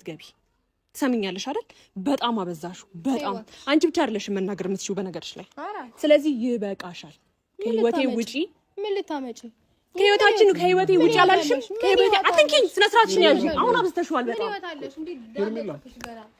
እንዳትገቢ ትሰምኛለሽ አይደል? በጣም አበዛሽ። በጣም አንቺ ብቻ አይደለሽ መናገር የምትችው በነገርሽ ላይ። ስለዚህ ይበቃሻል። ከህይወቴ ውጪ ምን ልታመጪ ከህይወታችን ከህይወቴ ውጪ አላልሽም። ከህይወቴ አትንኪኝ። ስነ ስርዓትሽን ያዥ። አሁን አብዝተሽዋል በጣም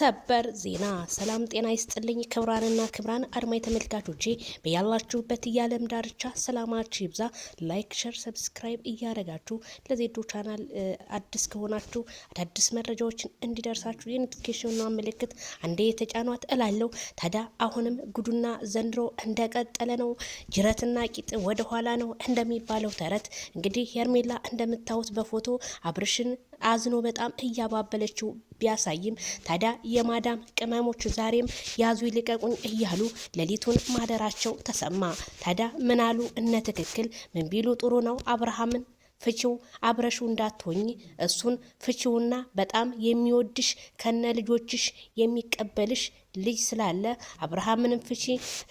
ሰበር ዜና። ሰላም ጤና ይስጥልኝ ክብራንና ክብራን አድማጭ ተመልካቾቼ በያላችሁበት የዓለም ዳርቻ ሰላማችሁ ይብዛ። ላይክ፣ ሸር፣ ሰብስክራይብ እያደረጋችሁ ለዜዶ ቻናል አዲስ ከሆናችሁ አዳዲስ መረጃዎችን እንዲደርሳችሁ የኖቲፊኬሽንና ምልክት አንዴ የተጫኗት እላለሁ። ታዲያ አሁንም ጉዱና ዘንድሮ እንደቀጠለ ነው። ጅረትና ቂጥ ወደኋላ ነው እንደሚባለው ተረት እንግዲህ ሄርሜላ እንደምታዩት በፎቶ አብርሽን አዝኖ በጣም እያባበለችው ቢያሳይም ታዲያ የማዳም ቅመሞች ዛሬም ያዙ ይልቀቁኝ እያሉ ሌሊቱን ማደራቸው ተሰማ። ታዲያ ምናሉ እነ ትክክል ምን ቢሉ ጥሩ ነው አብርሃምን ፍቺው አብረሹ እንዳትሆኝ እሱን ፍቺውና በጣም የሚወድሽ ከነ ልጆችሽ የሚቀበልሽ ልጅ ስላለ አብርሃምንም ፍቺ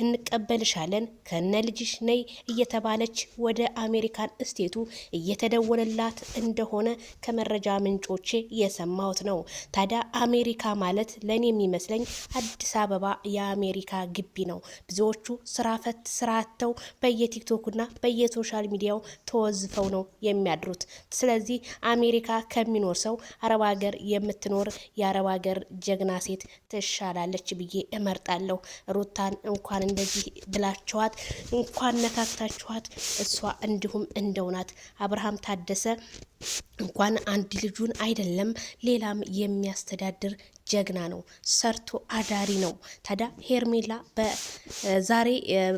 እንቀበልሻለን ከነ ልጅሽ ነይ እየተባለች ወደ አሜሪካን እስቴቱ እየተደወለላት እንደሆነ ከመረጃ ምንጮቼ የሰማሁት ነው። ታዲያ አሜሪካ ማለት ለእኔ የሚመስለኝ አዲስ አበባ የአሜሪካ ግቢ ነው። ብዙዎቹ ስራ ፈት ስራ አጥተው በየቲክቶኩና በየሶሻል ሚዲያው ተወዝፈው ነው የሚያድሩት። ስለዚህ አሜሪካ ከሚኖር ሰው አረብ ሀገር የምትኖር የአረብ ሀገር ጀግና ሴት ትሻላለች። አለች ብዬ እመርጣለሁ። ሩታን እንኳን እንደዚህ ብላችኋት እንኳን ነካክታችኋት እሷ እንዲሁም እንደውናት አብርሃም ታደሰ እንኳን አንድ ልጁን አይደለም ሌላም የሚያስተዳድር ጀግና ነው፣ ሰርቶ አዳሪ ነው። ታዲያ ሄርሜላ በዛሬ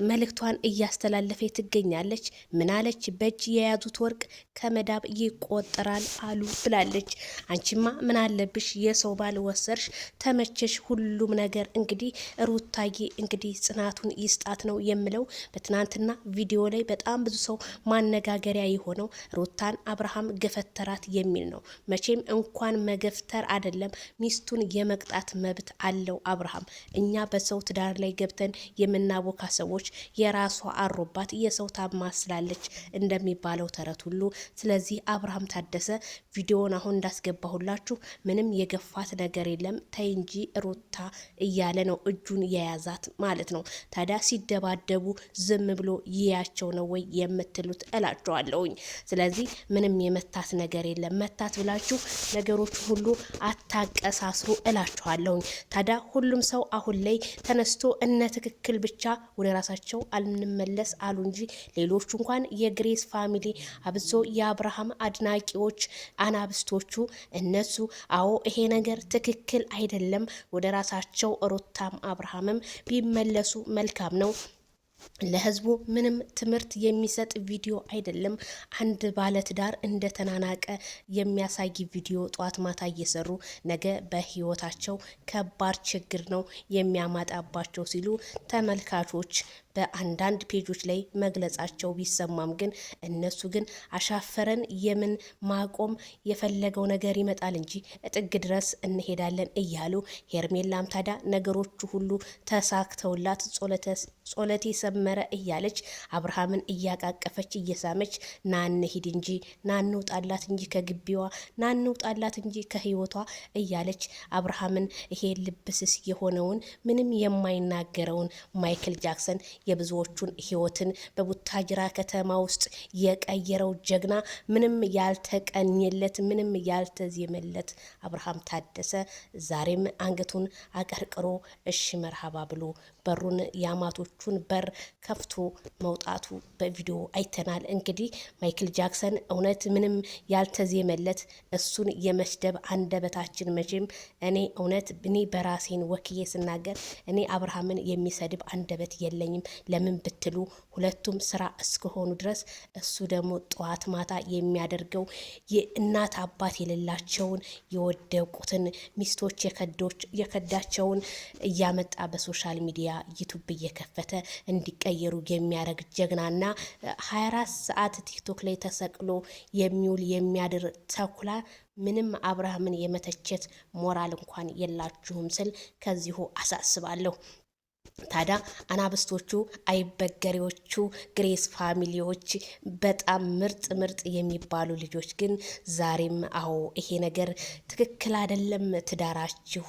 መልእክቷን እያስተላለፈ ትገኛለች። ምናለች? በእጅ የያዙት ወርቅ ከመዳብ ይቆጠራል አሉ ብላለች። አንቺማ ምን አለብሽ? የሰው ባል ወሰርሽ፣ ተመቸሽ፣ ሁሉም ነገር እንግዲህ ሩታዬ እንግዲህ ጽናቱን ይስጣት ነው የምለው። በትናንትና ቪዲዮ ላይ በጣም ብዙ ሰው ማነጋገሪያ የሆነው ሩታን አብርሃም ገፈተራት የሚል ነው። መቼም እንኳን መገፍተር አይደለም ሚስቱን የመቅጣት መብት አለው አብርሃም። እኛ በሰው ትዳር ላይ ገብተን የምናቦካ ሰዎች የራሷ አሮባት የሰው ታማ ስላለች እንደሚባለው ተረት ሁሉ ስለዚህ አብርሃም ታደሰ ቪዲዮውን አሁን እንዳስገባሁላችሁ ምንም የገፋት ነገር የለም ተይ እንጂ ሩታ እያለ ነው እጁን የያዛት ማለት ነው። ታዲያ ሲደባደቡ ዝም ብሎ ይያቸው ነው ወይ የምትሉት እላችኋለሁኝ። ስለዚህ ምንም የመታት ነገር የለም። መታት ብላችሁ ነገሮች ሁሉ አታቀሳስሩ እላችኋለሁኝ። ታዲያ ሁሉም ሰው አሁን ላይ ተነስቶ እነ ትክክል ብቻ ወደ ራሳቸው አልንመለስ አሉ እንጂ ሌሎቹ እንኳን የግሬስ ፋሚሊ አብዞ የአብርሃም አድናቂዎች አናብስቶቹ እነሱ አዎ ይሄ ነገር ትክክል አይደለም፣ ወደ ራሳቸው ሩታም አብርሃምም ቢመለሱ መልካም ነው። ለህዝቡ ምንም ትምህርት የሚሰጥ ቪዲዮ አይደለም። አንድ ባለትዳር እንደተናናቀ የሚያሳይ ቪዲዮ ጠዋት ማታ እየሰሩ ነገ በህይወታቸው ከባድ ችግር ነው የሚያማጣባቸው ሲሉ ተመልካቾች በአንዳንድ ፔጆች ላይ መግለጻቸው ቢሰማም ግን እነሱ ግን አሻፈረን የምን ማቆም የፈለገው ነገር ይመጣል እንጂ እጥግ ድረስ እንሄዳለን እያሉ ሄርሜላም ታዲያ ነገሮቹ ሁሉ ተሳክተውላት ጾለቴ ሰመረ እያለች አብርሃምን እያቃቀፈች እየሳመች ናንሂድ እንጂ ናንውጣላት እንጂ ከግቢዋ ናንውጣላት እንጂ ከህይወቷ እያለች አብርሃምን ይሄ ልብስስ የሆነውን ምንም የማይናገረውን ማይክል ጃክሰን የብዙዎቹን ህይወትን በቡታጅራ ከተማ ውስጥ የቀየረው ጀግና ምንም ያልተቀኘለት ምንም ያልተዜመለት አብርሃም ታደሰ ዛሬም አንገቱን አቀርቅሮ እሺ መርሃባ ብሎ በሩን የአማቶቹን በር ከፍቶ መውጣቱ በቪዲዮ አይተናል። እንግዲህ ማይክል ጃክሰን እውነት ምንም ያልተዜመለት እሱን የመስደብ አንደበታችን መቼም እኔ እውነት እኔ በራሴን ወክዬ ስናገር እኔ አብርሃምን የሚሰድብ አንደበት የለኝም። ለምን ብትሉ ሁለቱም ስራ እስከሆኑ ድረስ እሱ ደግሞ ጠዋት ማታ የሚያደርገው የእናት አባት የሌላቸውን የወደቁትን ሚስቶች የከዳቸውን እያመጣ በሶሻል ሚዲያ ዩቱብ እየከፈተ እንዲቀየሩ የሚያደርግ ጀግናና ሀያ አራት ሰዓት ቲክቶክ ላይ ተሰቅሎ የሚውል የሚያድር ተኩላ ምንም አብርሃምን የመተቸት ሞራል እንኳን የላችሁም ስል ከዚሁ አሳስባለሁ። ታዲያ አናብስቶቹ አይበገሬዎቹ ግሬስ ፋሚሊዎች በጣም ምርጥ ምርጥ የሚባሉ ልጆች ግን ዛሬም አዎ ይሄ ነገር ትክክል አይደለም፣ ትዳራችሁ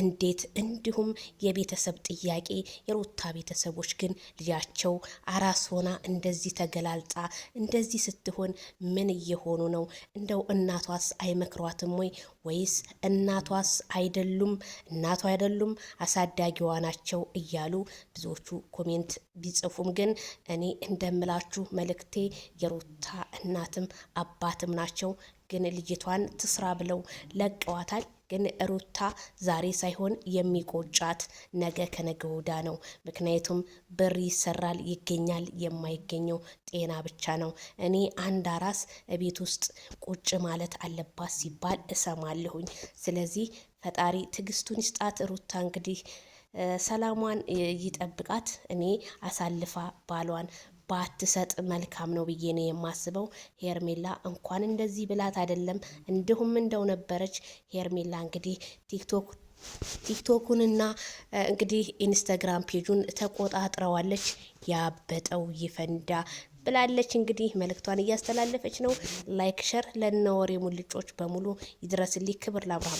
እንዴት እንዲሁም የቤተሰብ ጥያቄ የሩታ ቤተሰቦች ግን ልጃቸው አራስ ሆና እንደዚህ ተገላልጣ እንደዚህ ስትሆን ምን እየሆኑ ነው? እንደው እናቷስ አይመክሯትም ወይ? ወይስ እናቷስ አይደሉም እናቷ አይደሉም አሳዳጊዋ ናቸው እያ እያሉ ብዙዎቹ ኮሜንት ቢጽፉም ግን እኔ እንደምላችሁ መልእክቴ የሩታ እናትም አባትም ናቸው። ግን ልጅቷን ትስራ ብለው ለቀዋታል። ግን ሩታ ዛሬ ሳይሆን የሚቆጫት ነገ ከነገ ወዳ ነው። ምክንያቱም ብር ይሰራል ይገኛል፣ የማይገኘው ጤና ብቻ ነው። እኔ አንድ አራስ ቤት ውስጥ ቁጭ ማለት አለባት ሲባል እሰማለሁኝ። ስለዚህ ፈጣሪ ትዕግስቱን ይስጣት። ሩታ እንግዲህ ሰላሟን ይጠብቃት። እኔ አሳልፋ ባሏን ባትሰጥ መልካም ነው ብዬ ነው የማስበው። ሄርሜላ እንኳን እንደዚህ ብላት አይደለም እንዲሁም እንደው ነበረች። ሄርሜላ እንግዲህ ቲክቶክ ቲክቶኩንና እንግዲህ ኢንስታግራም ፔጁን ተቆጣጥረዋለች። ያበጠው ይፈንዳ ብላለች። እንግዲህ መልእክቷን እያስተላለፈች ነው። ላይክ ሸር ለነወሬ ሙልጮች በሙሉ ይድረስልኝ። ክብር ለአብርሃም